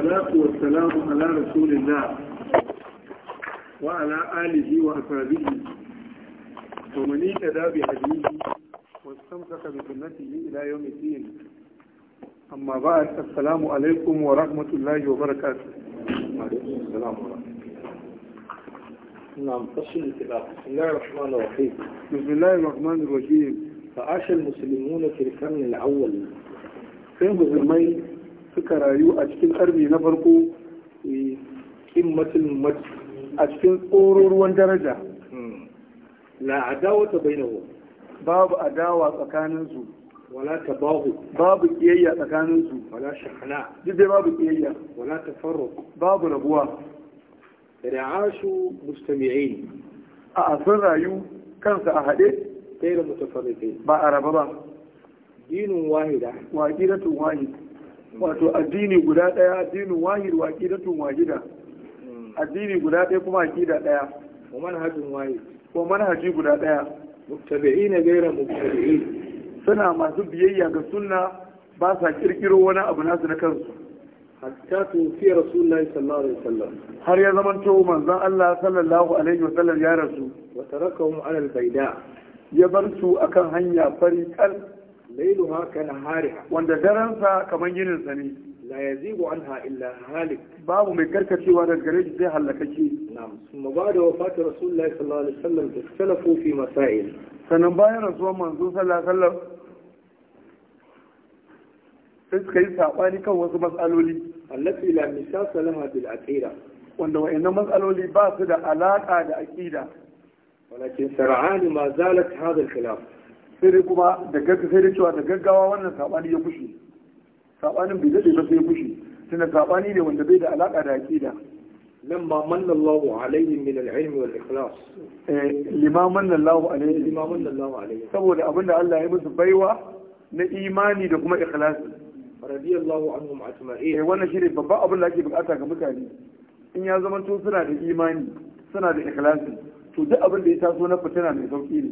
الصلاة والسلام على رسول الله وعلى آله وأصحابه ومن اهتدى بهديه واستمسك بسنته إلى يوم الدين أما بعد السلام عليكم ورحمة الله وبركاته وعليكم السلام ورحمة نعم فصل الكتاب بسم الله الرحمن الرحيم بسم الله الرحمن الرحيم فعاش المسلمون في القرن الأول في المسلمين suka rayu a cikin karni na farko kimmatin eh, mat a cikin tsororuwan daraja hmm. la adawa ta bainahu babu adawa tsakanin su wala bahu. babu kiyayya tsakanin su wala shahana duk dai babu kiyayya wala tafarruq babu rabuwa ra'ashu mustami'in a asan rayu kansa a haɗe kai da mutafarriqin ba a raba ba dinin wahida wa aqidatun wahida wato addini guda daya addinin wahid wa aqidatun wahida addini guda daya kuma aqida daya wa manhajun wahid wa manhaji guda daya muttabi'ina ghayra muttabi'in suna masu biyayya ga sunna ba sa kirkiro wani abu nasu na kansu hatta fi rasulullahi sallallahu alaihi wasallam har ya zaman to manzon Allah sallallahu alaihi wasallam ya rasu wa tarakahum ala albayda ya bar su akan hanya fari lailuha ka nahariha wanda daren sa kaman yinin sa ne la yazigu anha illa halik babu mai karkacewa daga gare shi sai halakake na'am kuma ba da wafatin rasulullahi sallallahu alaihi wasallam da salafu fi masail sannan bayan rasuwan manzo sallallahu alaihi wasallam sai suka yi sabani kan wasu mas'aloli allati la misasa laha bil aqida wanda wa'annan mas'aloli ba su da alaka da aqida walakin sar'ani ma zalat hadha al khilaf sai dai kuma da gaggawa sai dai cewa da gaggawa wannan sabani ya kushe sabanin bai dade ba sai ya kushe tunda sabani ne wanda bai da alaka da aqida لما من الله عليه من العلم والإخلاص لما من الله عليه لما من الله عليه saboda abinda Allah ya musu baiwa na imani da kuma ikhlasi radiyallahu anhum ajma'in eh wannan shine babban abin da ake bukata ga mutane in ya zama to suna da imani suna da ikhlasi to duk abin da ya taso na fitina mai sauki ne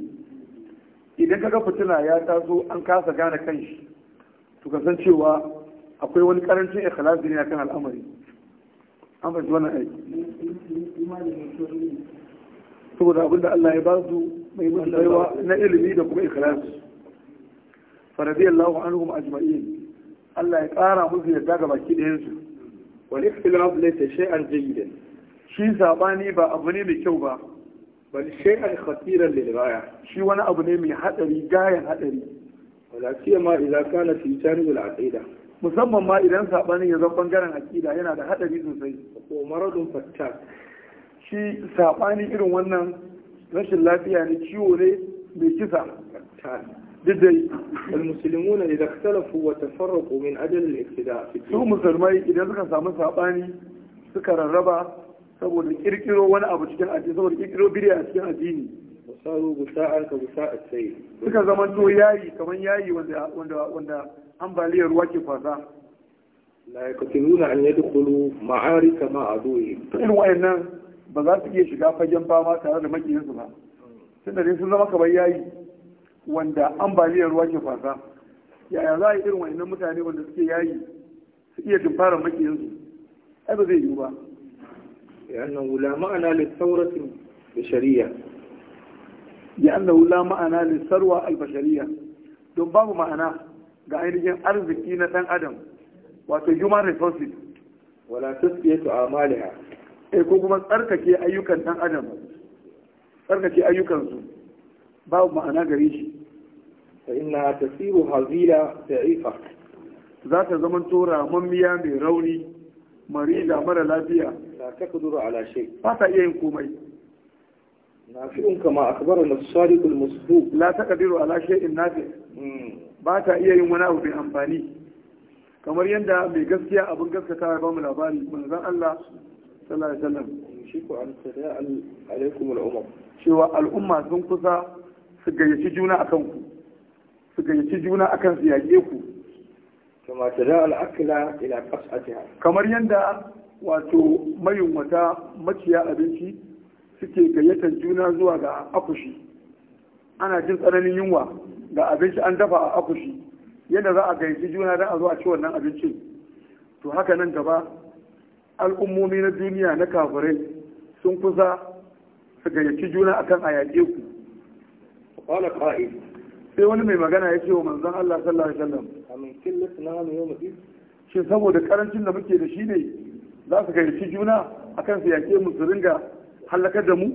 idan kaga fitina ya taso an kasa gane kanshi to ka san cewa akwai wani karancin ikhlasi ne akan al'amari an fahimci wannan aiki saboda abinda Allah ya basu, mai baiwa na ilimi da kuma ikhlasi faradiyallahu anhum ajma'in Allah ya kara musu ya ga baki ɗayan su wal ikhtilaf laysa shay'an jayyidan shi sabani ba abu ne mai kyau ba bal shay'an khatiran lil ghaya shi wani abu ne mai hadari gayan hadari wala ma idza kana fi janib al aqida musamman ma idan sabanin ya zama bangaren aqida yana da hadari sosai ko maradun fattak shi sabani irin wannan rashin lafiya ne ciwo ne mai kisa duk da المسلمون إذا اختلفوا وتفرقوا من أجل الاقتداء su musulmai idan suka samu sabani suka rarraba saboda kirkiro wani abu cikin addini saboda kirkiro bidiya a cikin addini wasaru gusa'a ka gusa'a sai suka zama to yayi kaman yayi wanda wanda wanda ambaliyar ruwa ke kwasa la yaqtiluna an yadkhulu ma'arika ma aduhi to irin wayannan ba za su iya shiga fagen fama tare da makiyansu ba tunda dai sun zama kamar yayi wanda ambaliyar ruwa ke kwasa yaya za a yi irin wayannan mutane wanda suke yayi su iya tunfara makiyansu ai ba zai yiwu ba لأنه لا معنى للثورة البشرية لأنه لا معنى للثروة البشرية don babu ma'ana ga ainihin arziki na ɗan adam wato human resources wala tasfiyatu amaliha eh ko kuma tsarkake ayyukan ɗan adam ayyukansu babu ma'ana gare shi fa inna tasiru hazila da'ifa za ta zama to ramammiya mai rauni marida mara lafiya la taqdiru ala shay ba ta iya yin komai nafi'un kama akbarana as-sadiq al-masduq la taqdiru ala shay'in nafi' hmm. ba ta iya yin wani abu mai amfani kamar yadda mai gaskiya abin gaskata ya mu labari manzon Allah sallallahu alaihi wasallam shi ko an sada alaikum al-umam cewa al'umma sun kusa su gayyaci juna akan ku su gayyaci juna akan su ku kama da al'akila ila kasatiya kamar yadda wato mayunwata maciya abinci suke gayyatar juna zuwa ga akushi ana jin tsananin yunwa ga abinci an dafa a akushi yadda za a gayyaci juna don a zo a ci wannan abincin to haka nan gaba al'ummomi na duniya na kafirai sun kusa su gayyaci juna akan a yaƙe ku qala qa'il sai wani mai magana ya ce wa manzon Allah sallallahu alaihi wasallam amin killat na mu yau mutum shin saboda karancin da muke da shi ne za su gayyaci juna akan su yake mu su ringa halakar da mu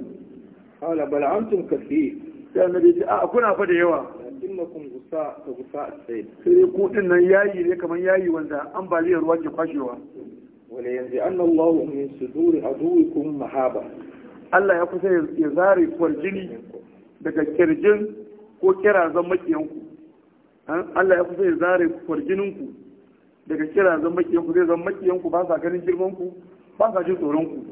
qala bal antum kaseer sai annabi ya ce a kuna fa da yawa lakinnakum gusa ka gusa sai sai ku din nan yayi ne kamar yayi wanda ambaliyar ruwa ke kwashewa wala yanzu anna Allah min suduri aduwikum mahaba Allah ya kusa ya zare kwarjini daga kirjin ko kirazan makiyanku Allah ya kusa ya zare kwarjininku daga kirazan makiyanku zai zan makiyanku ba sa ganin girmanku ba sa jin tsoronku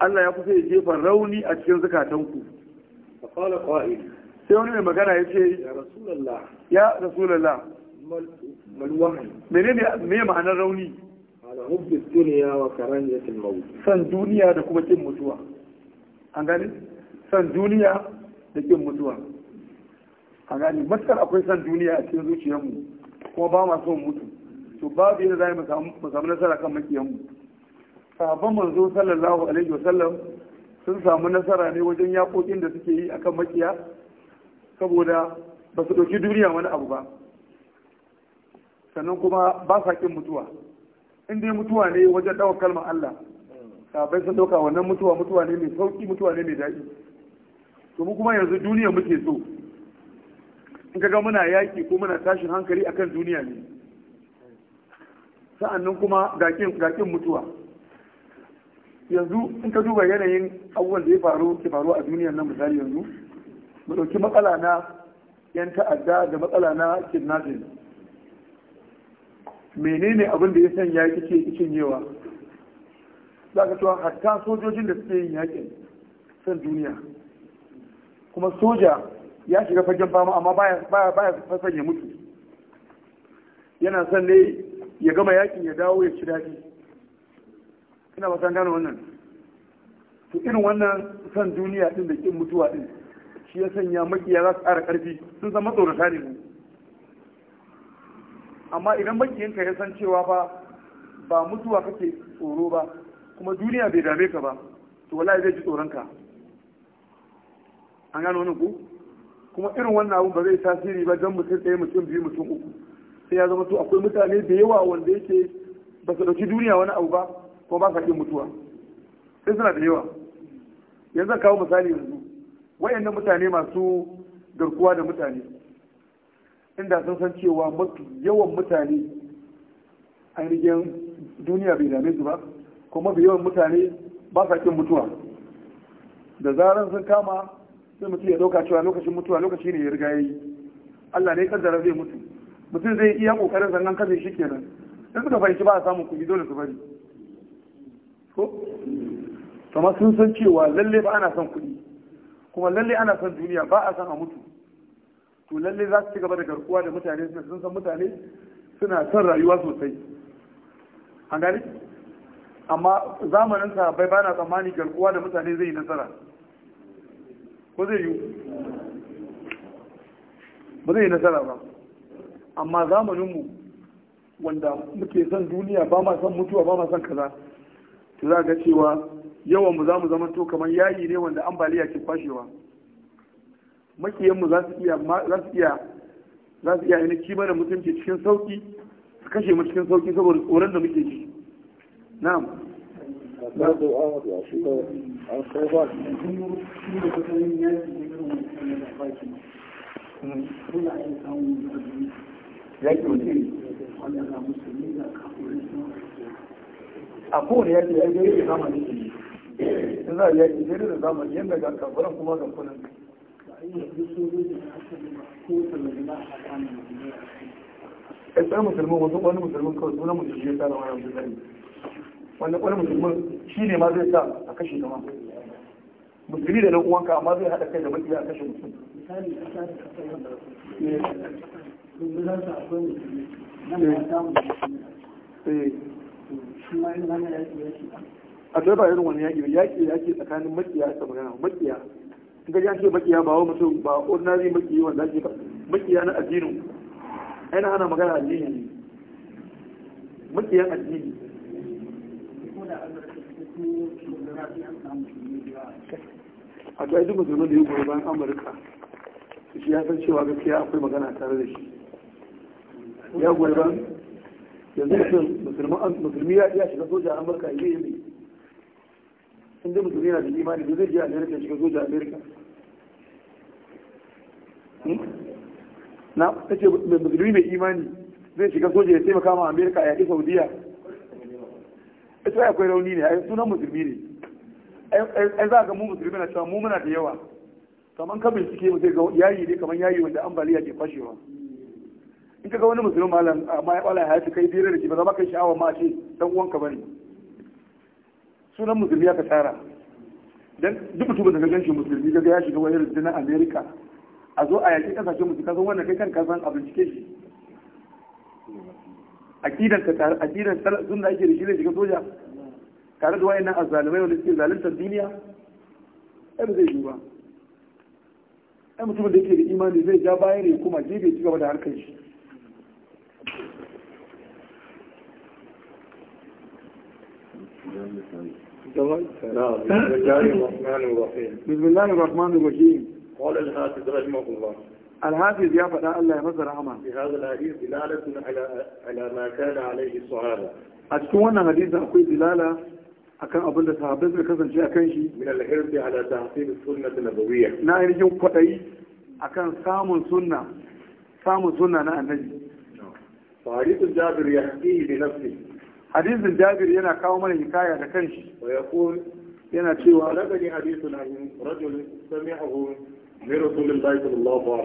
Allah ya kusa ya jefa rauni a cikin zukatanku sai wani mai magana ya ce ya rasulallah menene me ma'anar rauni hubbin san duniya da kuma kin mutuwa an gani san duniya da kin mutuwa a gani matukar akwai san duniya a cikin zuciyarmu kuma ba ma son mutu to babu yadda za mu samu nasara kan makiyanmu sahabban manzo sallallahu alaihi wa sallam sun samu nasara ne wajen yaƙoƙin da suke yi akan makiya saboda ba su ɗauki duniya wani abu ba sannan kuma ba sa ƙin mutuwa in dai mutuwa ne wajen ɗaukar kalmar Allah sahabbai sun ɗauka wannan mutuwa mutuwa ne mai sauƙi mutuwa ne mai daɗi to mu kuma yanzu duniya muke so in kaga muna yaki ko muna tashin hankali akan duniya ne sa'annan kuma gakin mutuwa yanzu in ka duba yanayin abubuwan da ya faru ke faru a duniyar nan misali yanzu mu ɗauki matsala na yan ta'adda da matsala na kidnapping menene abin da ya sanya kike ikin yewa za ka cewa hatta sojojin da suke yin yakin san duniya kuma soja ya shiga fagen fama amma baya fasan ya mutu yana son ne ya gama yakin ya dawo ya ci daɗi ina ba gane wannan to irin wannan san duniya din da kin mutuwa din shi ya sanya makiya za su ƙara ƙarfi sun san matsorata ne amma idan makiyanka ya san cewa fa ba mutuwa kake tsoro ba kuma duniya bai dame ka ba to wallahi zai ji tsoronka an gano wani ku kuma irin wannan abu ba zai tasiri ba don mutum ɗaya mutum biyu mutum uku sai ya zama to akwai mutane da yawa wanda yake ba su ɗauki duniya wani abu ba kuma ba sa ƙin mutuwa sai suna da yawa yanzu kawo misali yanzu wayannan mutane masu garkuwa da mutane inda sun san cewa mafi yawan mutane ainihin duniya bai dame su ba kuma mafi yawan mutane ba sa ƙin mutuwa da zarar sun kama sai mutum ya dauka cewa lokacin mutuwa lokaci ne ya riga ya yi. Allah ne ya kaddara zai mutu mutum zai iya kokarin sannan kashe shi kenan in suka fahimci ba a samun kuɗi dole su bari ko ma sun san cewa lalle ba ana son kuɗi kuma lalle ana son duniya ba a son a mutu to lalle za su ci gaba da garkuwa da mutane sun san mutane suna son rayuwa sosai an gani amma zamanin sa ba na tsammani garkuwa da mutane zai yi nasara ko zai yi ba zai yi nasara ba amma zamaninmu wanda muke son duniya ba ma son mutuwa ba ma son kaza to za ga cewa yawanmu za mu zama to kamar yayi ne wanda ambaliya ke kwashewa makiyanmu za su iya za yana kima da mutunci cikin sauki su kashe mu cikin sauki saboda tsoron da muke ji na'am برضو اه الاشياء الصعوبات a kowane yadda ya gari da zamani ne in za a yaki gari da zamani yadda ga kafuran kuma ga kunan ɗan musulmi wasu wani musulmin wannan kwanan musulman shi ne ma zai sa a kashe gama musulmi da uwanka amma zai haɗa kai da makiya a kashe mutum a da eh. ba irin wani yaƙi ba yaƙi yaƙi tsakanin makiya ta magana makiya ga ya ce makiya ba wa mutum ba ordinary makiya wanda ake makiya na addinin na ana magana addini ne makiyan addini a to duk musulman da ya goyi bayan amurka shi ya san cewa gaskiya akwai magana tare da shi ya goyi bayan yanzu musulmi ya shiga soja a amurka ya yi ne inda musulmi yana da imani da zai je amerika shiga soja a Amurka, hmm? na ta ce musulmi mai imani zai shiga soja ya taimaka ma Amurka ya ƙi saudiya ita ya akwai rauni ne ai sunan musulmi ne ai za ga mu musulmi na cewa mu muna da yawa kamar ka bincike mu zai ga yayi ne kamar yayi wanda ambaliya ke fashewa in ka ga wani musulmi malam amma ah, ya kwala ya kai dire da shi ba za kai sha'awa ma ce dan uwanka bane sunan musulmi ya ka tara dan duk mutum da ka ganshi musulmi ga ya shiga wani rundunar America a zo a yaki kasashen musulmi kasan wannan kai kan kasan a bincike shi aqidan ka tare aqidan sunna yake da shi zai shiga soja tare da wayannan azzalumai wanda suke zaluntar duniya ai ba zai yi ba ai mutumin da yake da imani zai ja baya ne kuma gefe ci gaba da harkar shi بسم الله الرحمن الرحيم قال الحافظ رحمه الله الحافظ يا فدا الله يمسى رحمه في هذا الحديث دلاله على على ما كان عليه الصحابه اشكو وانا حديث اكو دلاله akan abin da sahabbai suka kasance a kan shi min al-hirbi ala tahsin sunna nabawiyya na yi jin kwadayi akan samun samun sunna na annabi hadithun jabir ya fi bi nafsi hadithun jabir yana kawo mana hikaya da kanshi wa yaqul yana cewa laqad hadithun an a sami'ahu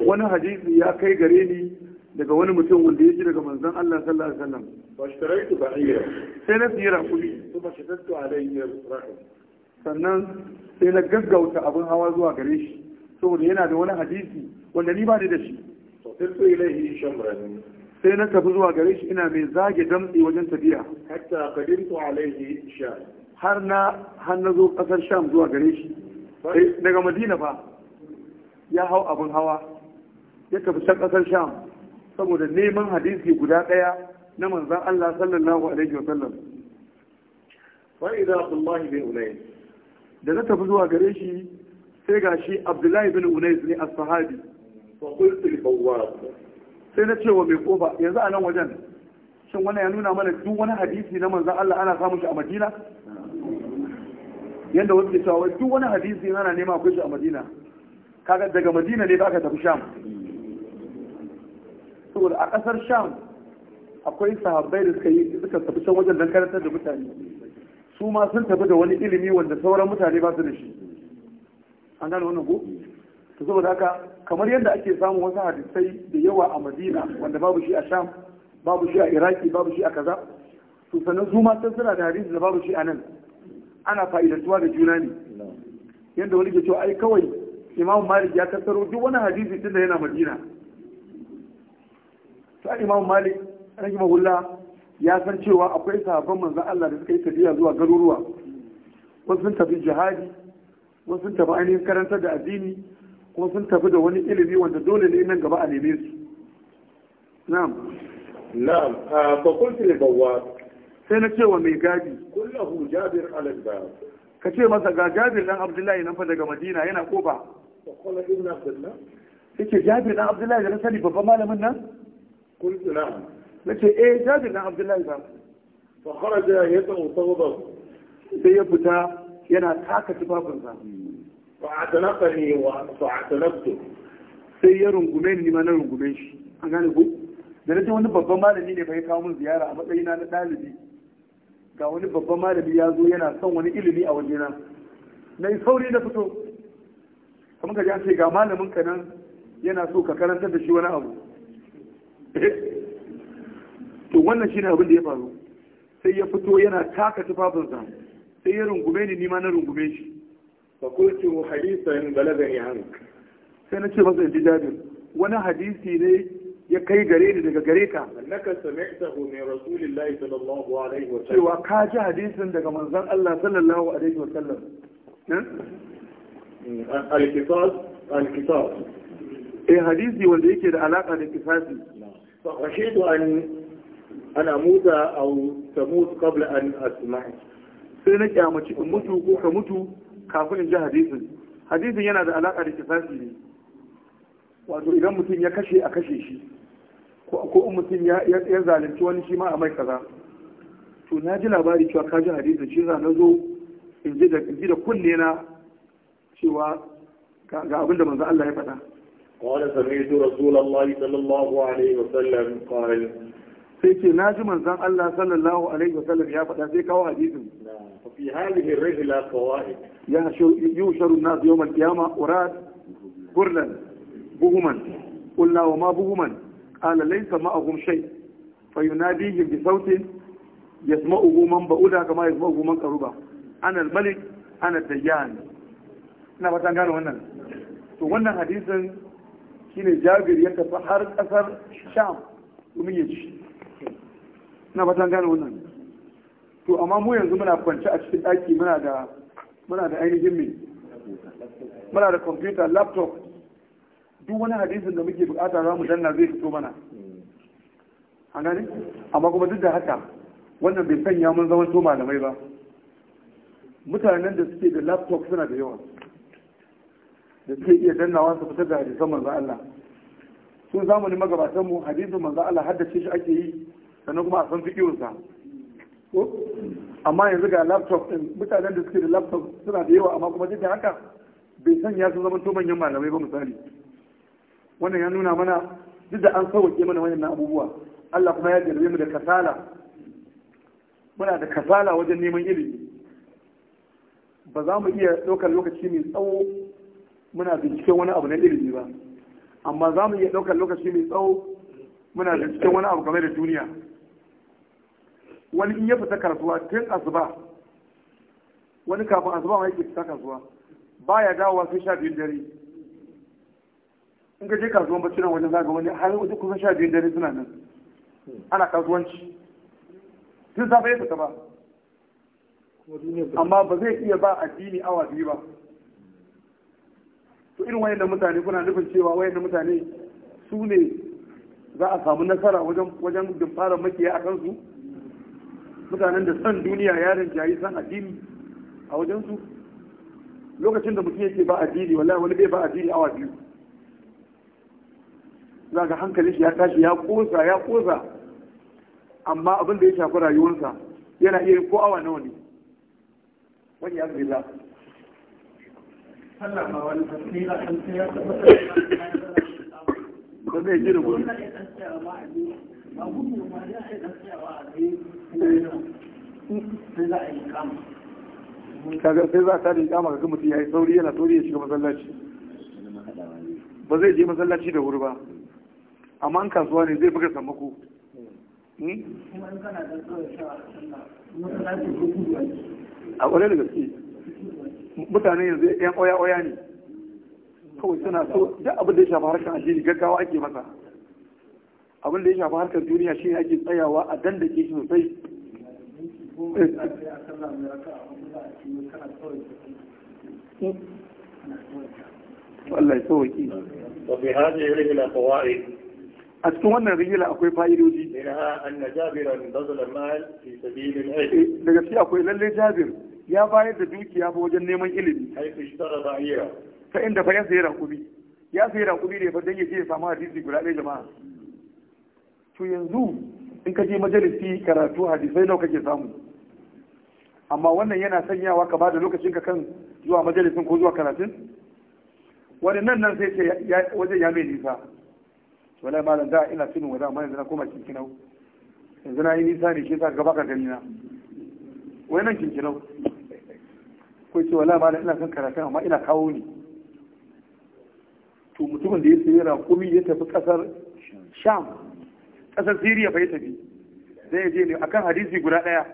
wani hadisi ya kai gare ni daga wani mutum wanda ya ji daga manzon Allah sallallahu alaihi wasallam fashtaraitu ba'ira sai na siya rakumi kuma shaddatu alayya rakum sannan sai na gaggauta abin hawa zuwa gare shi saboda yana da wani hadisi wanda ni ba ni da shi fasiltu ilayhi shamran sai na tafi zuwa gare shi ina mai zage damtsi wajen tafiya hatta qadimtu alayhi sham har na har na zo kasar sham zuwa gare shi daga madina fa ya hau abin hawa ya tafi can ƙasar sham saboda neman hadisi guda ɗaya na manzan Allah sallallahu alaihi wa sallam fa'ida Abdullahi bin unai. da na tafi zuwa gare shi sai ga shi Abdullahi bin Unais ne a sahabi sai na cewa mai kofa yanzu a nan wajen shin wannan ya nuna mana duk wani hadisi na manzan Allah ana samun shi a Madina yanda wasu ke cewa duk wani hadisi yana nema akwai shi a Madina kaga daga madina ne ba ka tafi sham saboda a ƙasar sham akwai sahabbai da suka yi suka tafi can wajen don karantar da mutane su ma sun tafi da wani ilimi wanda sauran mutane ba su da shi an gane wannan ko to saboda haka kamar yadda ake samun wasu hadisai da yawa a madina wanda babu shi a sham babu shi a iraki babu shi a kaza to sannan su ma sun suna da hadisi da babu shi a nan ana fa'idantuwa da juna ne yadda wani ke cewa ai kawai imam malik ya tattaro duk wani hadisi tun da yana madina sai imam malik rahimahullah ya san cewa akwai sahabban manzan Allah da suka yi tafiya zuwa garuruwa wasu sun tafi jihadi wasu sun tafi ainihin karantar da addini kuma sun tafi da wani ilimi wanda dole ne nan gaba a neme su na'am na'am ah, fa qultu li sai na cewa mai gadi kullahu jabir al-bab ka ce masa ga jabir dan abdullahi nan fa daga madina yana ko ba yake jabir dan abdullahi da sani babban malamin nan kultu na ce, eh jabir dan abdullahi ba fa kharaja yatu tawba sai ya fita yana taka tufafinsa fa atanaqani wa fa atanaqtu sai ya rungume ni ma na rungume shi an gane ko da nace wani babban malami ne bai ya kawo min ziyara a matsayina na dalibi ga wani babban malami ya zo yana son wani ilimi a wajena na yi sauri na fito kamar ka ji ce ga malamin ka nan yana so ka karantar da shi wani abu to wannan shi ne abin da ya faru sai ya fito yana taka tufafinsa sai ya rungume ni nima na rungume shi fakultu hadisan ni hank sai na ce masa in ji wani hadisi ne ya kai gare ni daga gare ka annaka sami'tahu min rasulillahi sallallahu alaihi wa sallam cewa ka ji hadisin daga manzon Allah sallallahu alaihi wa sallam al kitab al kitab eh hadisi wanda yake da alaka da qisasi fa rashidu an ana muta aw tamut qabla an asma'a sai na kyamaci in mutu ko ka mutu kafin in ji hadisin hadisin yana da alaka da kifasi ne wato idan mutum ya kashe a kashe shi ko in mutum ya zalunci wani shi ma a mai kaza to na ji labari cewa ka ji hadisin shi za na zo in ji da kunne na cewa ga abin da manzo Allah ya faɗa قال سمعت رسول الله صلى الله عليه وسلم قال sai ce na ji manzan Allah sallallahu alaihi wa sallam ya faɗa sai kawo hadisin fi hadhihi ar-rijla qawaid ya yusharu an-nas yawm al-qiyamah urad burlan buhuman qulna wa ma buhuman قال ليس ma'ahum shay fa yunadihi bi sautin yasma'uhu man ba'uda kama yasma'uhu man qaruba ana malik ana ad gane wannan to wannan hadisin shine Jabir ya tafi har kasar Sham domin ya ci ina fatan gane wannan to amma mu yanzu muna kwance a cikin daki muna da muna da ainihin me muna da computer laptop duk wani hadisin da muke bukata za mu danna zai fito mana an gane amma kuma duk da haka wannan bai sanya mun zama to malamai ba mutanen da suke da laptop suna da yawa da suke iya dannawa su fitar da hadisan manzo Allah sun zamani magabatan mu hadisin manzo Allah haddace shi ake yi sannan kuma a san fiqhun sa amma yanzu ga laptop din mutanen da suke da laptop suna da yawa amma kuma duk da haka bai sanya su zama to manyan malamai ba misali wannan ya nuna mana duk da an sauke mana wannan abubuwa Allah kuma ya jarbe mu da kasala muna da kasala wajen neman ilimi ba za mu iya ɗaukar lokaci mai tsawo muna binciken wani abu na ilimi ba amma za mu iya ɗaukar lokaci mai tsawo muna binciken wani abu game da duniya wani in ya fita kasuwa tun asuba wani kafin asuba ma yake fita kasuwa baya dawowa sai sha biyun dare in ka je kasuwan bacci nan wajen zaga wani har wajen kusan sha biyun dare suna nan ana kasuwanci tun safe ya fita ba amma ba zai iya ba addini awa biyu ba to irin wayan da mutane kuna nufin cewa wayan da mutane su ne za a samu nasara wajen wajen dimfara makiya a kansu mutanen da san duniya yaren jayi san addini a wajensu lokacin da mutum yake ba addini wallahi wani bai ba addini awa biyu za ka hankali shi ya tashi ya kosa ya kosa amma abin da ya shafi rayuwarsa yana iya ko awa nawa ne wani ya zai la ma wani tasira ya da da gudu sai za ta rinka maka mutum ya yi sauri yana sauri ya shiga masallaci ba zai je masallaci da wuri ba amma kasuwa ne zai buga samako hmm? a ƙwarai da gaske mutane yanzu yan oya-oya ne kawai suna so duk abin da ya shafa harkar ajiyar gaggawa ake masa abin da ya shafa harkar duniya shi ake tsayawa a dan da shi sosai eh. Allah ya sauwaki. Wa bi hadhihi a cikin wannan rigila akwai fa'idoji eh, daga gaske akwai lalle jabir ya bayar da dukiya ba wajen neman ilimi ta inda fa ya sayi rakubi ya sayi rakubi ne fa dan ya samu hadisi guda ɗaya jama'a to yanzu in ka je majalisi karatu hadisai nawa kake samu amma wannan yana sanyawa ka bada lokacin ka kan zuwa majalisin ko zuwa karatun wani nan nan sai ce wajen ya mai nisa wala malam da ina tunin wada amma yanzu na koma kinkinau yanzu na yi nisa ne shi sa gaba ka gani na wai nan kinkinau ko ce wala da ina son karatun amma ina kawo ne to mutumin da ya sayi raƙumi ya tafi ƙasar sham kasar siriya bai tafi zai je ne akan hadisi guda ɗaya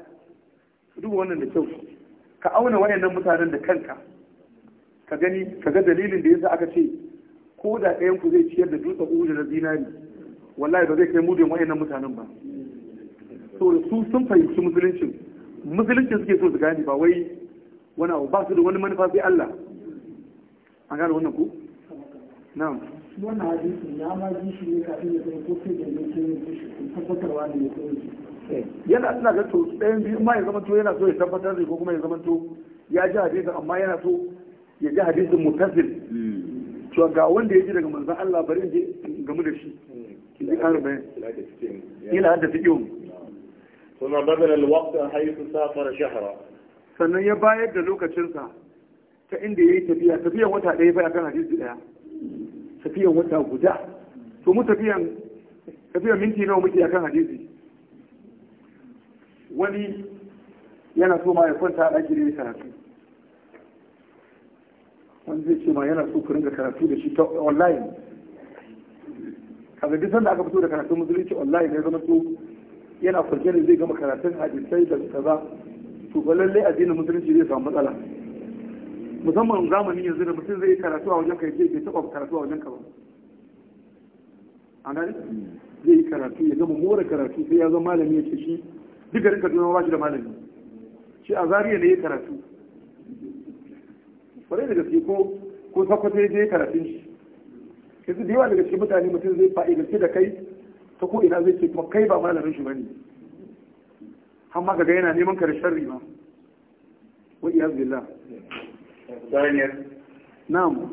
duk wannan da kyau ka auna wayannan mutanen da kanka ka gani ka ga dalilin da yasa aka ce ko da ɗayan ku zai ciyar da dutsen uhudu da zinari wallahi ba zai kai mudin wayannan mutanen ba so su sun fahimci musuluncin musuluncin suke so su gane ba wai wani abu ba su da wani manufa sai Allah an gane wannan ku na'am wannan hadisi ya ma ji shi ne kafin ya kai ko sai da yake yin tabbatarwa da ya kai yana suna ga to ɗayan biyu ma ya zama to yana so ya tabbatar da ko kuma ya zama to ya ji hadisi amma yana so ya ji hadisin mutazil hmm. cewa ga wanda ya ji daga manzan Allah bari in je gamu da shi hmm. in ji ƙarin bayan ila hadda fi yau kuma babal a haifu safar shahara. sannan ya bayar da lokacinsa ta inda ya yi tafiya tafiyan wata ɗaya bai akan hadisi ɗaya tafiyan wata guda to mu tafiyan tafiyan minti nawa muke akan hadisi wani yana so ma ya kwanta a ɗaki yi karatu wani zai ce ma yana so ku ringa karatu da shi ta online kaga duk sanda aka fito da karatun musulunci online ya zama so yana kwarke ne zai gama karatun hadisai da kaza to ba lallai addinin musulunci zai samu matsala musamman zamanin yanzu da mutum zai karatu a wajen ka yace bai taba karatu a wajen ka ba an gani zai yi karatu ya gama more karatu sai ya zama malami ya ce shi duka rinka tunawa ba shi da malami shi a zariya ne ya karatu kwarai da gaske ko ko sakwato ya je karatun shi yanzu da yawa daga cikin mutane mutum zai fa'idarci da kai ta ko ina zai ce kuma kai ba malamin shi bane amma kaga yana neman ka da sharri ma wa iyaz billah saniyar na'am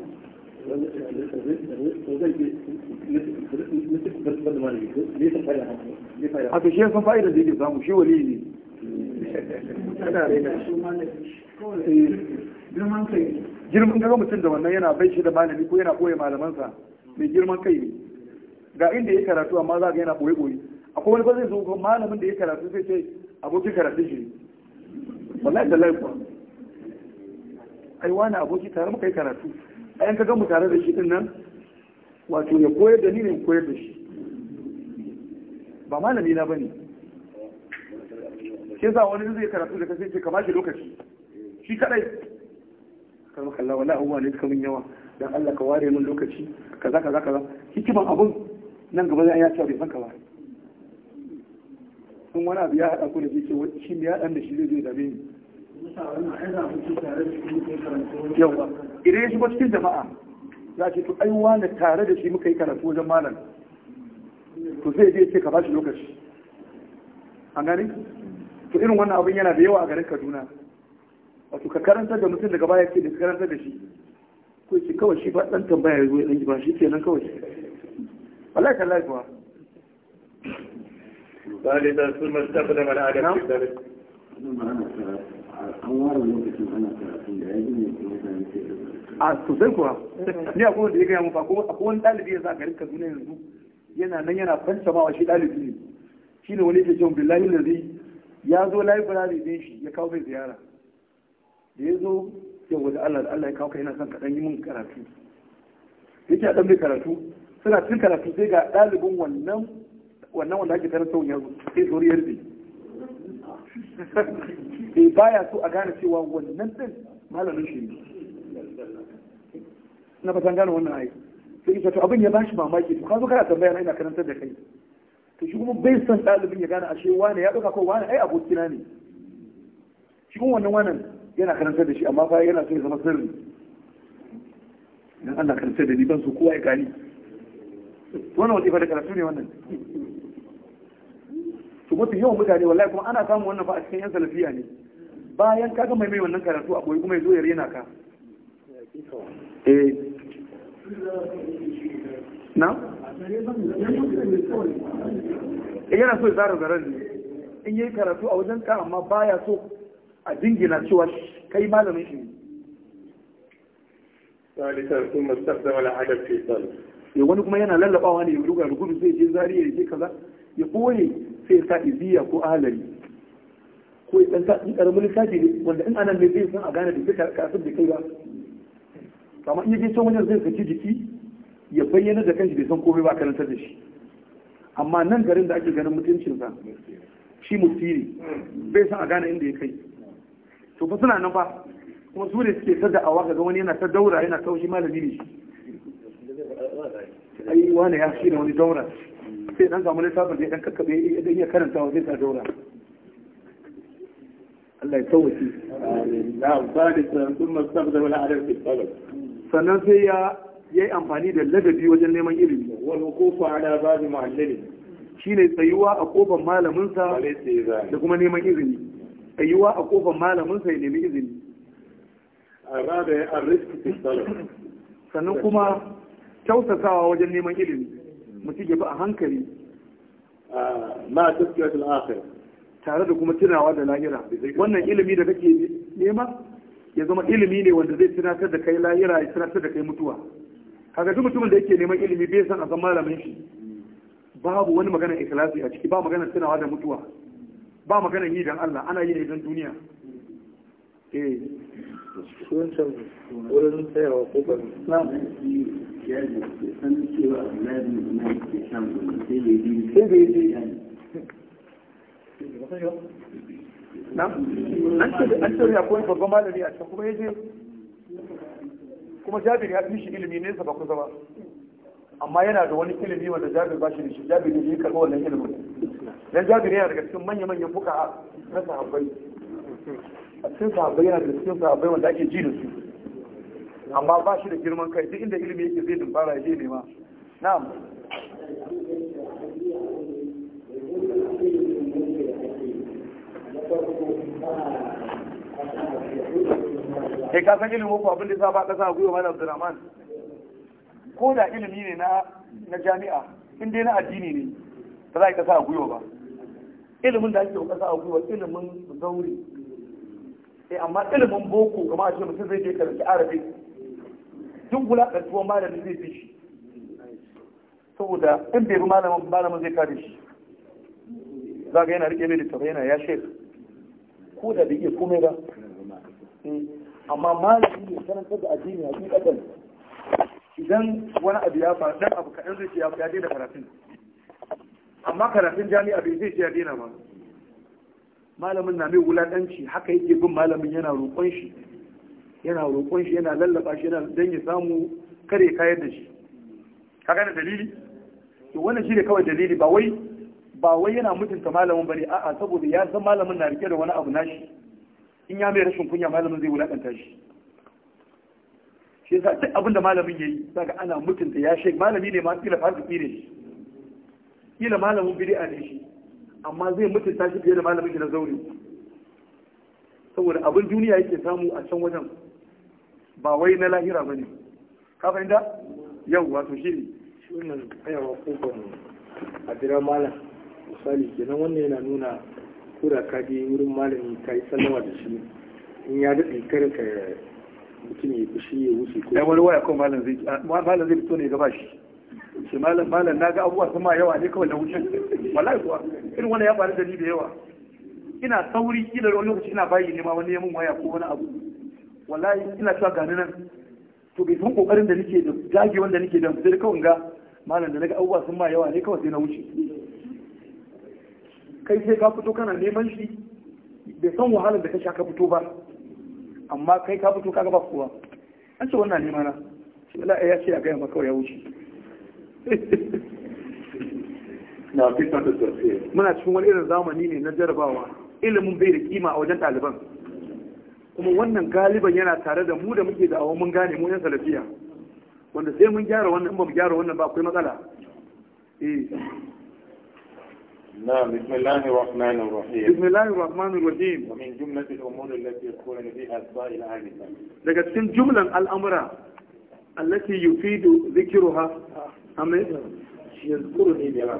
a to shi sun fa'ida da yake samu shi wali ne ana raina eh, girman kaga mutum da wannan yana bai shi da malami ko yana koya malamansa mai girman kai ne ga inda ya karatu amma za ga yana koyi koyi akwai wani ba zai zo ko malamin da ya karatu sai ce abokin karatu shi wallahi da laifuwa ai wani aboki tare muka yi karatu a yanka gan mu tare da shi din nan wato ya koyar da ni ne koyar da shi ba malami na bane shi yasa wani zai karatu da kasance kama shi lokaci shi kadai kan Allah wala abuwa ne suka yawa dan Allah ka ware min lokaci kaza kaza kaza hikiman abun nan gaba zai ya ce bai san ka ba sun wani abu ya haɗa ku da shi wani shi ya haɗa da shi zai zai dame ni yawa idan ya shigo cikin jama'a za ce to aiwa wani tare da shi muka yi karatu wajen malam to zai je ce ka ba shi lokaci an gani to irin wannan abin yana da yawa a garin kaduna wato ka karantar da mutum daga baya ce da karantar da shi ko shi kawai shi ba dan tambaya ya zo ya dan ba shi kenan kawai wallahi ta lafiya da ثم استخدم العدد في ذلك a sosai kuwa ni akwai wanda ya gaya ko akwai wani ɗalibi ya a garin kaduna yanzu yana nan yana fanta mawa shi ɗalibi ne shi ne wani ke cewa billahi lazi ya zo library din shi ya kawo mai ziyara da ya zo ya wuce Allah da Allah ya kawo kai na son kaɗan yi mun karatu yake a ɗan mai karatu suna cin karatu sai ga ɗalibin wannan wannan wanda ake karanta ya zo sai zo ya rufe ba eh, baya so a gane cewa wannan ɗin malamin shi ne na ba gane wannan ayi sai ita to abin ya bashi mamaki to ka zo kana tambaya na ina karantar da kai to shi kuma bai san ɗalibin ya gane ashe wane ya ɗauka kawai wane ai abokina ne shi kuma wannan wannan yana karantar da shi amma fa yana so ya zama sirri dan Allah karantar da ni ban so kowa ya gani wannan wata da karatu ne wannan to mutum yawan mutane wallahi kuma ana samun wannan fa a cikin yan salafiya ne bayan ga mai mai wannan karatu a koyi kuma ya zo ya rena ka eh na in yana so ya zara zaren ne in yi karatu a wajen ka amma baya so a dingina cewa kai malamin shi ثالثا ثم استخدم العدد في صلب ya wani kuma yana lallabawa ne ya ruga da gudu zai je zari ya je kaza ya koye sai ya sa iziya ko alali ko ya dan sa in lissafi ne wanda in anan ne zai san a gane da duka karatun da kai ba kama iya ya je can wajen zai saki jiki ya bayyana da kanshi bai san komai ba karantar da shi amma nan garin da ake ganin mutuncin sa shi mutiri bai san a gane inda ya kai to ba suna nan ba kuma su ne suke ta da'awa ga wani yana ta daura yana ta wuce malami ne shi ai wani ya shi wani daura sai dan samu littafin da ya dan kakkabe idan ya karanta wa zai ta daura Allah ya tawaki. Amin. Na ba da masu adalci. Sannan sai ya yayi amfani da ladabi wajen neman ilimi kofa wuqufu ala babi Shi shine tsayuwa a kofar malamin sa da kuma neman izini tsayuwa a kofar malamin sa ya nemi izini A ar ya fi talab sannan kuma tausasawa wajen neman ilimi mutum ya bi a hankali ah, ma tafkirat al-akhir tare da kuma tunawa da lahira wannan ilimi da kake nema ya zama ilimi ne wanda zai tunatar da kai lahira ya tunatar da kai mutuwa kaga duk mutumin da yake neman ilimi bai san a san malamin shi babu wani magana ikhlasi a ciki ba magana tunawa da mutuwa ba magana yi dan Allah ana yi ne dan duniya eh sun san wurin tsayawa ko ba na san cewa ladin ne din sai na an ce an ya koyi babban malami a can kuma je kuma jabir ya fi shi ilimi nesa ba kusa ba amma yana da wani ilimi wanda jabir ba shi da shi jabir ne ya karɓi wannan ilimin dan jabir yana daga cikin manya manyan fuka na sahabbai a cikin sahabbai yana daga cikin sahabbai wanda ake ji da su amma ba shi da girman kai duk inda ilimi yake zai dumbara ya je nema na'am Thank you. kai ka san ilimin ko abin da sa ba kasa gwiwa malam Abdulrahman ko da ilimi ne na na jami'a in dai na addini ne ba za ka a gwiwa ba ilimin da ake kasa a gwiwa ilimin zauri eh amma ilimin boko kamar a ce mutum zai je karanta arabi duk wulakantuwan malamin zai fi shi saboda in bai bi malamin malamin zai kare shi za ga yana rike mai littafa yana ya shek ko da bai iya komai ba eh. amma malami ne karantar da addini hakikatan idan wani abu ya faru dan abu kaɗan zai ce ya daina karatun amma karatun jami'a bai zai ce ya daina ba malamin na mai wulaɗanci haka yake bin malamin yana roƙon shi yana roƙon shi yana lallaba shi yana dan ya samu kare kayar da shi kaga da dalili to wannan shi ne kawai dalili ba wai ba wai yana mutunta malamin bane a'a saboda ya san malamin na rike da wani abu nashi in ya mai rashin kunya malamin zai wulakanta shi shi yasa duk abinda malamin yayi saka ana mutunta ya shek malami ne ma kila fasiki ne shi kila malamin bid'a ne shi amma zai mutunta shi fiye da malamin shi na zauri saboda abin duniya yake samu a can wajen ba wai na lahira ne ka fahimta yau wato shi ne shi wannan ayawa kokon a malam misali kenan wannan yana nuna tura ka je wurin malami ka yi sallama da shi in ya daɗe karin ka mutum ya shi ya wuce ko ya wani waya ko malam zai malam zai fito ne gaba shi shi malam malam naga abubuwa kuma yawa ne kawai na wuce wallahi kuwa irin wani ya faru da ni da yawa ina sauri kila wani lokaci ina bayi nema wani ya mun waya ko wani abu wallahi ina cewa gani nan to bai san kokarin da nake da dage wanda nake da sai kawai ga malam da naga abubuwa sun ma yawa ne kawai sai na wuce kai sai ka fito kana neman shi bai san wahalar da ka sha ka fito ba amma kai ka fito kaga ba kowa an ce wannan nema na shi Allah ya ce a gaya maka ya wuce na fita da sosai muna cikin wani irin zamani ne na jarabawa ilimin bai da kima a wajen ɗaliban kuma wannan galiban yana tare da mu da muke da awon mun gane mu yan salafiya wanda sai mun gyara wannan in ba mu gyara wannan ba akwai matsala eh نعم بسم الله الرحمن الرحيم بسم الله الرحمن الرحيم ومن جملة الأمور التي يكون فيها السائل عاجزا لقد تكون جملة الأمر التي يفيد ذكرها أمين يذكرني بها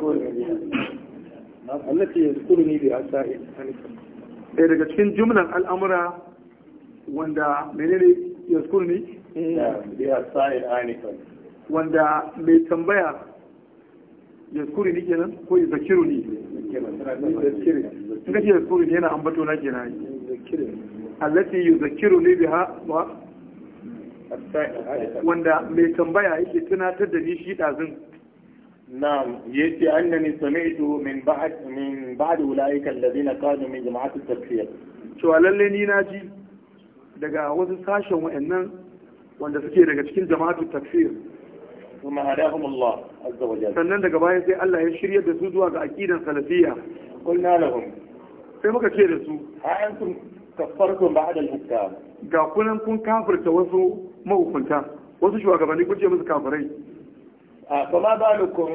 التي يذكرني بها السائل إيه لقد تكون جملة الأمر wanda menene yazkur ne? biya sa'il anifan wanda mai tambaya yaskuri ni kenan ko ya zakiru ni in ya Zakiru ne, yana ambato na kenan allati Zakiru ni biha wa wanda mai tambaya yake tunatar da ni shi dazin min يأتي da سمعته من بعد na بعد أولئك jama'a كانوا من جماعة التكفير ni na ji daga wasu sashen wa'annan wanda suke daga cikin jama'atul takfir ثم هداهم الله عز وجل sannan daga baya sai Allah ya shiryar da su zuwa ga aqidan salafiyya qulna lahum sai muka ce da su a antum kaffartum ba'da al-hukam ga kunan kun kafirta wasu mahukunta wasu shugabanni kun ce musu kafirai a kuma balukum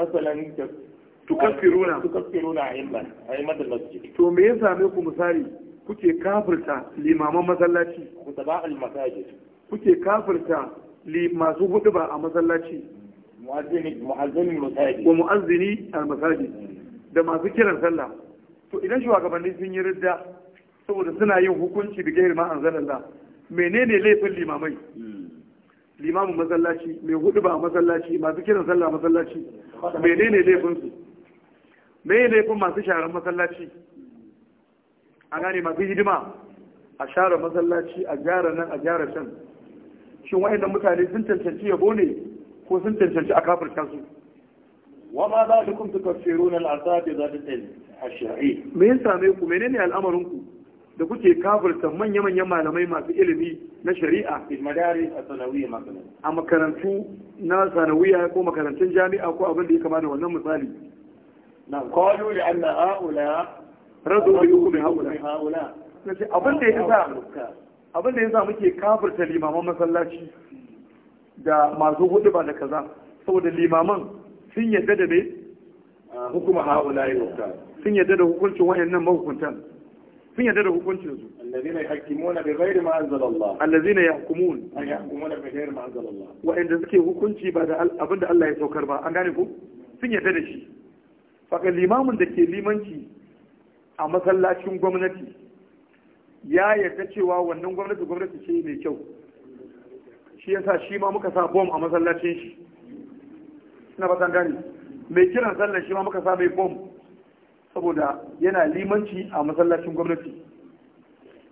masalan tukaffiruna tukaffiruna a a'imman da masjid to me ya same ku misali kuke kafirta limaman masallaci masajid kuke kafirta li masu hudu ba a masallaci wa mu'azzini al da masu kiran sallah to idan shugabanni sun yi ridda saboda suna yin hukunci da gairi ma anzalallah menene laifin limamai hmm. limamin masallaci mai hudu ba masallaci masu kiran sallah masallaci menene laifin su me laifin masu sharan masallaci a gane masu hidima a share masallaci a gyara nan a gyara can shin wayannan mutane sun cancanci yabo ne ko sun cancanci a kafirta su wa ma za ku tukaffiruna al-asabi za ta al-shar'i me ya same ku menene al'amarin ku da kuke kafirta manya-manyan malamai masu ilimi na shari'a a makarantu na sanawiya ko makarantun jami'a ko abin da ya kamata da wannan misali na kwallo da an na'a'ula rado da yi hukumin haula na ce abin da ya sa. abin da yasa muke kafirta limaman masallaci da masu hudu ba da kaza saboda limaman sun yadda da ne hukuma haula yi sun yadda da hukuncin wayannan mahukuntan sun yadda da hukuncin su allazina yahkumuna bi ghairi ma anzala Allah allazina yahkumun yahkumuna bi ghairi ma anzala Allah suke hukunci ba da abinda Allah ya saukar ba an gane ko sun yadda da shi faka limamin da ke limanci a masallacin gwamnati ya yarda cewa wannan gwamnati gwamnati ce mai kyau shi yasa shi ma muka sa bom a masallacin shi Suna ba gani mai kiran sallan shi ma muka sa mai bom saboda yana limanci a masallacin gwamnati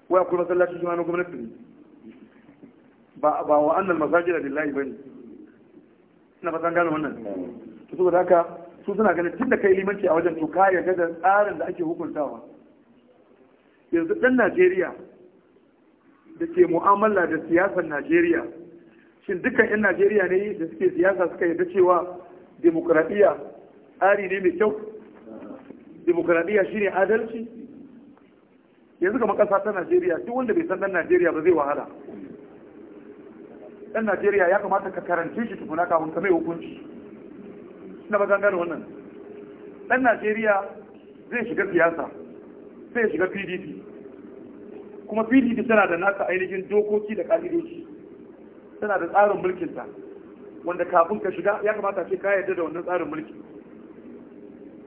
Waya kuma masallacin shi ma na gwamnati ne ba ba wa annal masajida billahi bane ina ba gani wannan to saboda haka su suna ganin tunda kai limanci a wajen to ka yarda da tsarin da ake hukuntawa yanzu ɗan najeriya da ke mu'amala da siyasar najeriya shin dukkan 'yan najeriya ne da suke siyasa suka yarda cewa demokradiyya tsari ne mai kyau shi shine adalci yanzu kamar ƙasa ta najeriya duk wanda bai san ɗan najeriya ba zai wahala ɗan najeriya ya kamata ka karance shi tukuna kafin ka mai hukunci na ba gane wannan ɗan najeriya zai shiga siyasa sai shiga pdp kuma pdp tana da nasa ainihin dokoki da ka'idoji tana da tsarin mulkinta wanda kafin ka shiga ya kamata ce ka yarda da wannan tsarin mulki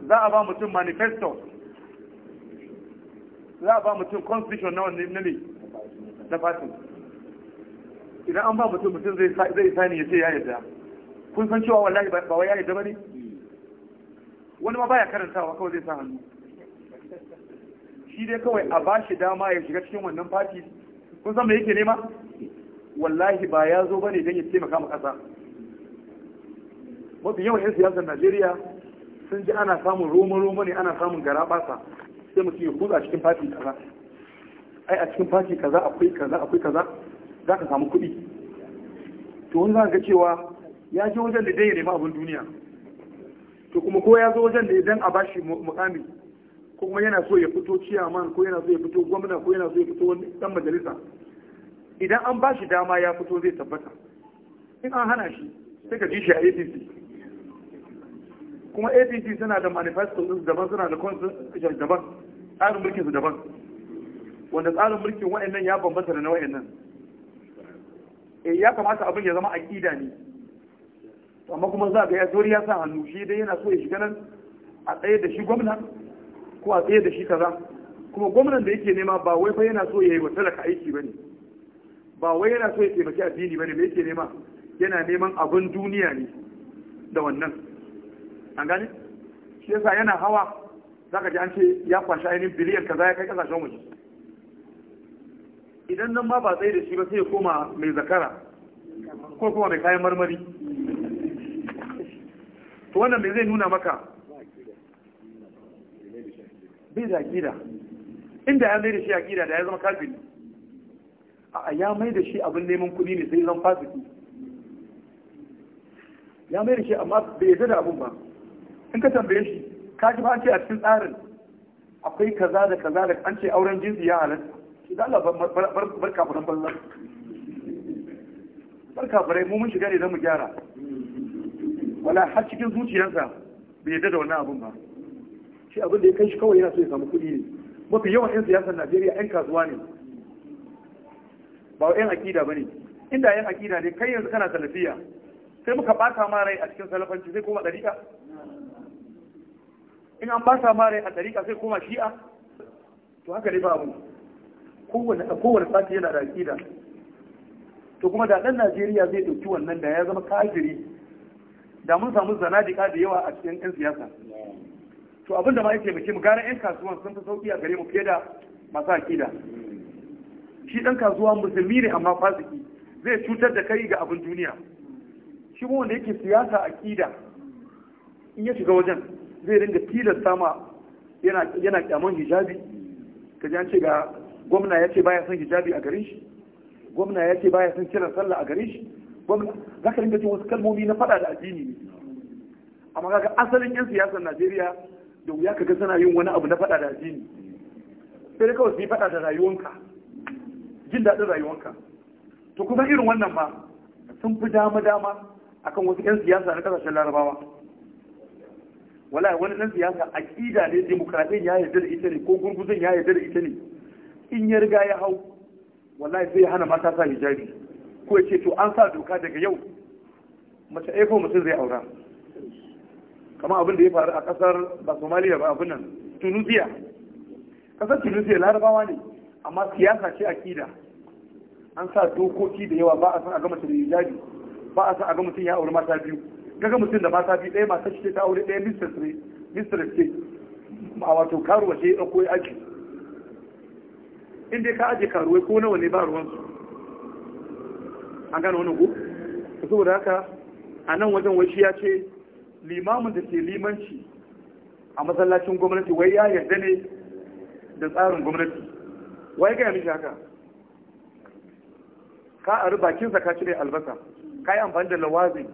za a ba mutum manifesto za a ba mutum constitution na wannan ne na fatin idan an ba mutum mutum zai sani ya ce ya yadda. kun san cewa wallahi ba wai ya yarda ba ne hmm. wani ma baya karantawa kawai zai sa hannu shi dai kawai a ba shi dama ya shiga cikin wannan fati kun san me yake nema wallahi ba ya zo bane don ya taimaka ma ƙasa mafi yawan 'yan siyasar najeriya sun ji ana samun roma-roma ne ana samun gara basa sai mutum ya kuza a cikin fati kaza ai a cikin fati kaza akwai kaza akwai kaza za ka samu kuɗi to wani za ga cewa ya je wajen da dai ya nema abin duniya to kuma ko ya zo wajen da idan a bashi mukami kuma yana so ya fito ciyaman ko yana so ya fito gwamna ko yana so ya fito wani dan majalisa idan an ba shi dama ya fito zai tabbata in an hana shi sai ka ji shi a apc kuma apc suna da manifesto din daban suna da constitution daban tsarin mulkin su daban wanda tsarin mulkin wayannan ya bambanta da na wa'annan eh ya kamata abin ya zama aqida ne amma kuma za ga ya zori ya sa hannu shi dai yana so ya shiga nan a tsaye da shi gwamna ko a tsaye da shi kaza kuma gwamnan da yake nema ba wai fa yana so ya yi wa talaka aiki bane ba wai yana so ya taimaki addini bane me yake nema yana neman abin duniya ne da wannan an gane shi yasa yana hawa zaka ji an ce ya kwashi ainihin biliyan kaza ya kai kasashen waje idan nan ma ba tsaye da shi ba sai ya koma mai zakara ko kuma mai kayan marmari to wannan me zai nuna maka bai da aƙida inda ya maida shi a aƙida da ya zama kafiri a ya maida shi abin neman kuɗi ne sai zan fasiki ya maida shi amma bai yadda da abun ba in ka tambaye shi ka ji ba an ce a cikin tsarin akwai kaza da kaza da an ce auren jinsi ya halatta shi da Allah bar kafiran banza bar kafirai mu mun shiga ne don mu gyara wala har cikin zuciyarsa bai yadda da wannan abun ba shi abin da ya kai shi kawai yana so ya samu kuɗi ne mafi yawan 'yan siyasar najeriya 'yan kasuwa ne ba 'yan akida ba ne inda 'yan akida ne kai yanzu kana salafiya sai muka ɓata ma rai a cikin salafanci sai koma ɗariƙa in an bata ma rai a ɗariƙa sai koma shi'a to haka ne babu kowane kowane sati yana da akida to kuma da ɗan najeriya zai ɗauki wannan da ya zama kafiri da mun samu zanadika da yawa a cikin 'yan siyasa to abinda ma yake mace mu gara yan kasuwan sun fi sauki a gare mu fiye da masu akida shi dan kasuwa musulmi ne amma fasiki zai cutar da kai ga abin duniya shi kuma wanda yake siyasa akida in ya shiga wajen zai dinga tilar sama yana yana kyaman hijabi kaji an ce ga gwamna ya ce baya son hijabi a garin shi gwamna ya ce baya son kiran sallah a garin shi gwamna za ka dinga jin wasu kalmomi na fada da addini ne amma kaga asalin yan siyasar Najeriya da wuya kaga suna yin wani abu na faɗa da addini sai dai kawai su yi fada da rayuwanka jin daɗin rayuwanka to kuma irin wannan ba sun fi dama dama akan wasu 'yan siyasa na kasashen larabawa wala wani ɗan siyasa a ƙida ne demokradin ya yarda da ita ne ko gurguzun ya yarda da ita ne in ya riga ya hau wallahi sai ya hana mata sa hijabi ko ya ce to an sa doka daga yau mace aiko mutum zai aura kamar abin da ya faru a kasar ba somaliya ba abin nan tunisia kasar tunisia larabawa ne amma siyasa ce akida an sa dokoki da yawa ba a san a ga mutum da hijabi ba a san a ga mutum ya aure mata biyu kaga mutum da mata biyu ɗaya mata ce ta aure ɗaya mistress ne mistress ce a wato karuwa wace ya ɗauko ya aji inda ka aje karuwai ko nawa ne ba ruwansu an gane wani ko saboda haka a nan wajen wai shi ya ce limamin da ke limanci a masallacin gwamnati wai ya yarda ne da tsarin gwamnati wai gaya mishi haka ka a bakinsa ka cire albasa ka yi amfani da lawazi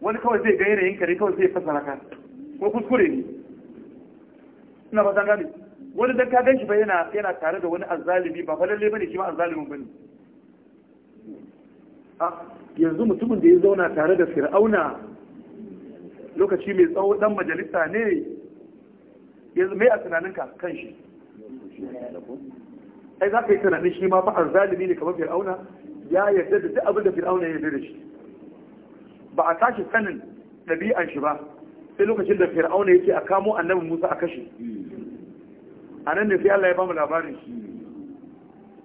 wani kawai zai ga yanayin kare kawai zai fasa ka ko kuskure ne ina fasa gane wani dan ka gan shi ba yana yana tare da wani azzalimi ba fa lalle bane shi ma azzalimin bane a ah, yanzu mutumin da ya zauna tare da fir'auna lokaci mai tsawo dan majalisa ne yanzu mai a tunaninka kan shi ai za ka yi tunanin shi ma fa Al-zalimi ne kamar fir'auna ya yarda da duk abin da fir'auna ya yarda da shi ba a tashi sanin ɗabi'an shi ba sai lokacin da fir'auna yake a kamo annabi musa a kashe a nan ne sai allah ya bamu labarin shi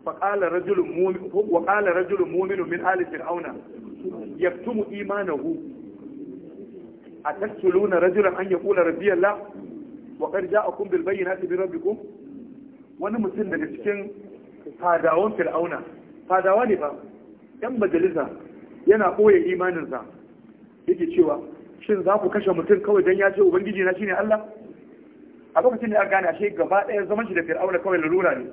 ƙala rajulun muminu min ali fir'auna yaktumu imanahu a رجلا rajulan an ربي الله وقد wa بالبينات من ربكم bayyinati مسلم rabbikum wani mutum daga cikin fadawan fir'auna fadawa ne ba yan majalisa yana boye imaninsa yake cewa shin za ku kashe mutum kawai dan ya ce ubangiji na shine Allah a lokacin da aka gane ashe gaba ɗaya zaman shi da fir'auna kawai lalura ne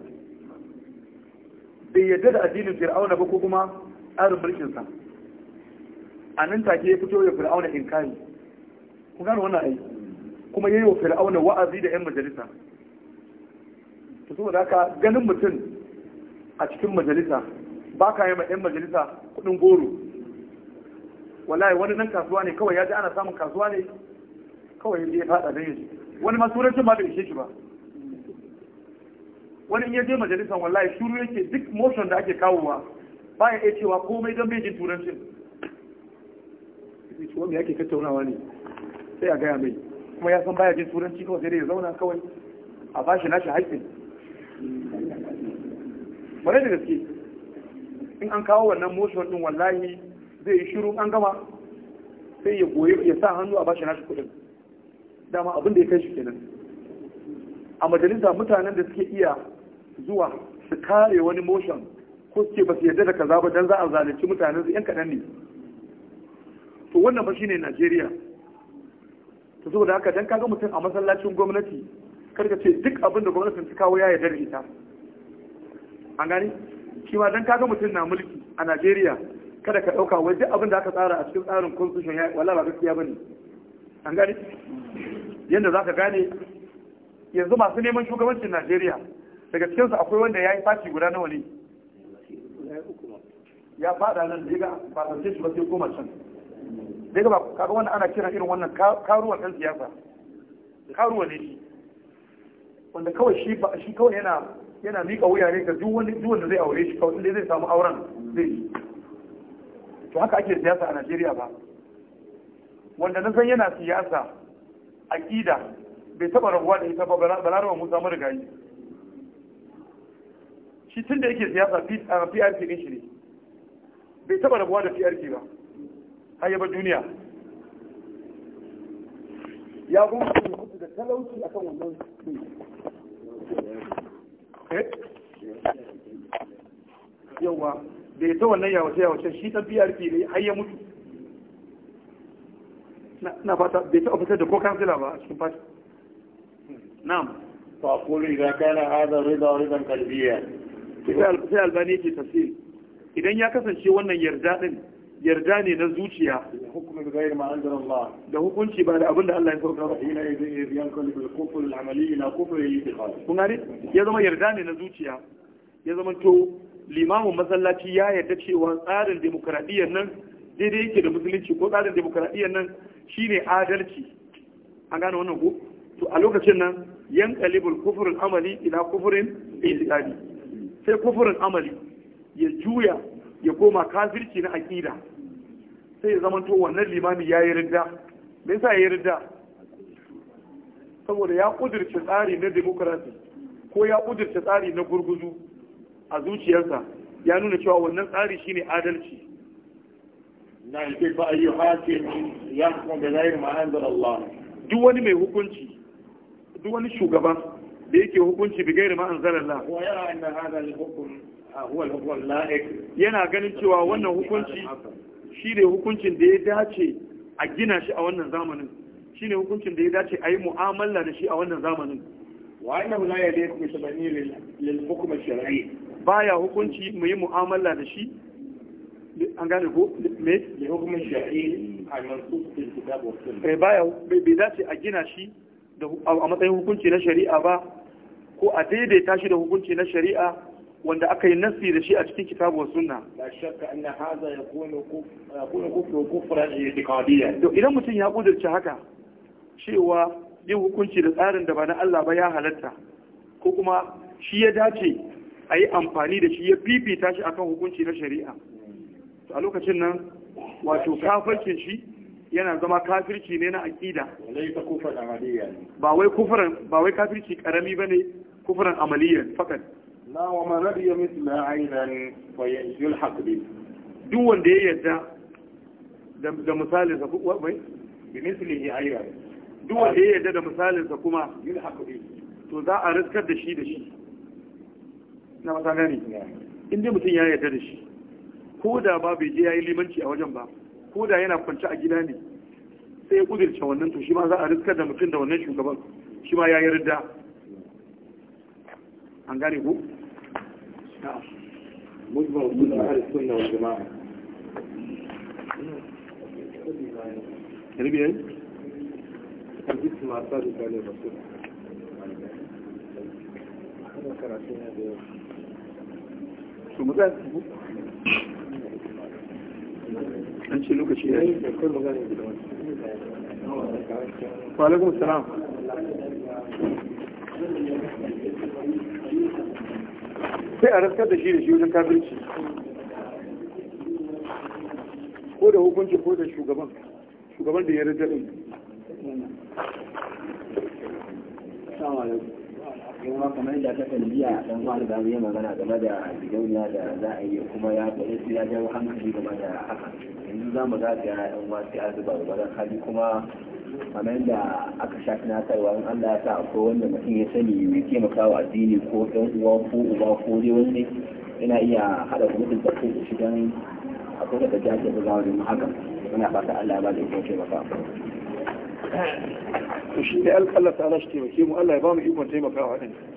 bai yadda da addinin fir'auna ba ko kuma tsarin mulkinsa a nan take ya fito ya fir'auna inkari ku gano wannan ai kuma yayi wa fir'auna wa'azi da yan majalisa to saboda haka ganin mutum a cikin majalisa ba ka yi ma yan majalisa kudin goro wallahi wani nan kasuwa ne kawai ya ji ana samun kasuwa ne kawai ya je ya fada da yanzu wani ma surancin ma bai ishe shi ba wani in ya je majalisan wallahi shuru yake duk motion da ake kawowa baya iya cewa komai don bai jin turancin wanda yake tattaunawa ne sai a gaya mai kuma ya san baya jin turanci kawai sai dai ya zauna kawai a bashi nashi haƙƙin bare da gaske in an kawo wannan motion din wallahi zai yi shiru an gama sai ya goye ya sa hannu a bashi nashi kuɗin dama abin da ya kai shi kenan a majalisa mutanen da suke iya zuwa su kare wani motion ko suke ba su yarda da kaza ba dan za a zalunci mutanen su yan kaɗan ne to wannan ba shine Najeriya to saboda haka dan kaga mutum a masallacin gwamnati kar ka ce duk abin da gwamnatin ta kawo ya yarda da ita an gani shi ma dan kaga mutum na mulki a Najeriya kada ka dauka wai duk abin da aka tsara a cikin tsarin constitution ya wallahi ba gaskiya bane an gani yanda zaka gane yanzu masu neman shugabancin Najeriya daga cikin su akwai wanda yayi fati guda nawa ne ya fada nan diga ba ce shi ba sai koma can daga ba kaga wannan ana kira irin wannan karuwan ɗan siyasa karuwa ne shi wanda kawai shi ba shi kawai yana yana mika wuya ne ga duk wani duk wanda zai aure shi kawai inda zai samu auren zai yi to haka ake siyasa a Najeriya ba wanda na san yana siyasa aqida bai taba rabuwa da ita ba balarawa Musa marigayi shi tun da yake siyasa PRP din shi ne bai taba rabuwa da PRP ba har yaba duniya ya kuma su mutu da talauci a kan wannan yawa da ya ta wannan yawace yawace shi ta brp ne har ya mutu na fata bai ta ofisar da ko kansila ba a cikin fata na'am fa kullu idan kana hada rida ridan kalbiya sai albani ke tafsir idan ya kasance wannan yarda din yarda ne na zuciya da hukunci ba da abin da Allah ya sauka ba ina yankali bil kufr al amali ila kufr al i'tiqad kun ne ya zama yarda ne na zuciya ya zama to limamin masallaci ya yarda cewa tsarin demokradiyyar nan daidai yake da musulunci ko tsarin demokradiyyar nan shi ne adalci an gane wannan ko to a lokacin nan yanka bil kofin al amali ila kufr sai kufr al ya juya ya koma kafirci na aƙida sai ya zama to wannan limami ya yi ridda me yasa ya yi ridda saboda ya kudirce tsari na demokrasi ko ya kudirce tsari na gurguzu a zuciyarsa ya nuna cewa wannan tsari shine adalci na ke fa ayu hakim ya kuma da zai ma anzal Allah duk wani mai hukunci duk wani shugaba da yake hukunci bi gairi ma anzal Allah wa yara anna hadha al-hukm Ah, yana ganin cewa wannan hukunci shi ne hukuncin da ya dace a gina shi a wannan zamanin shi ne hukuncin da ya dace a yi mu'amala da shi a wannan zamanin ba ya baya hukunci mu yi mu'amala da shi an gane ko me eh, bai dace a gina shi a matsayin hukunci na shari'a ba ko a daidaita shi da hukunci na shari'a wanda aka yi nasi da shi a cikin kitabu wa sunna la shakka anna hadha yakunu to idan mutum ya kudurce haka cewa yin hukunci da tsarin da ba na Allah ba ya halatta ko kuma shi ya dace a yi amfani da shi ya fifita shi akan hukunci na shari'a a lokacin nan wato kafircin shi yana zama kafirci ne na aqida ba wai kufran ba wai kafirci karami bane kufran amaliyan fakat na wa ma radiya mithla aidan fa yulhaq bi duk wanda ya yarda da misalin sa kuma bai bi mithlihi aidan duk wanda ya yarda da misalin sa kuma yulhaq bi to za a riskar da shi da shi na wata gani in dai mutum ya yarda da shi ko da ba bai je yayi limanci a wajen ba ko da yana kwance a gida ne sai ya kudirce wannan to shi ma za a riskar da mutum da wannan shugaban shi ma ya yarda an gane ku مجمع وجود أهل السنة والجماعة ربيع الجسم مع الصادق عليه الرسول su mu za su an ce lokaci ya yi wa alaikun salam sai a raskar da shi da shi wajen kafirci ko da hukuncin ko da shugaban shugaban da ya rage ɗin yin ma kamar da ta talbiya dan wani da yi magana game da gidauniya da za a yi kuma ya bari su ya jawo hankali game da haka yanzu za mu za ta yara ɗan wasu a zuba da hali kuma kamar da aka sha tunatarwa in Allah ya sa akwai wanda mutum ya sani mai taimakawa addini ko ɗan uwa ko uba ko dai wani yana iya haɗa kwamitin tafi da shi don akwai da tafiya ke zama wani haka muna fata Allah ya ba da ikon taimaka. To shi ne alƙalla ta Allah shi taimake mu Allah ya ba mu ikon taimakawa ɗin.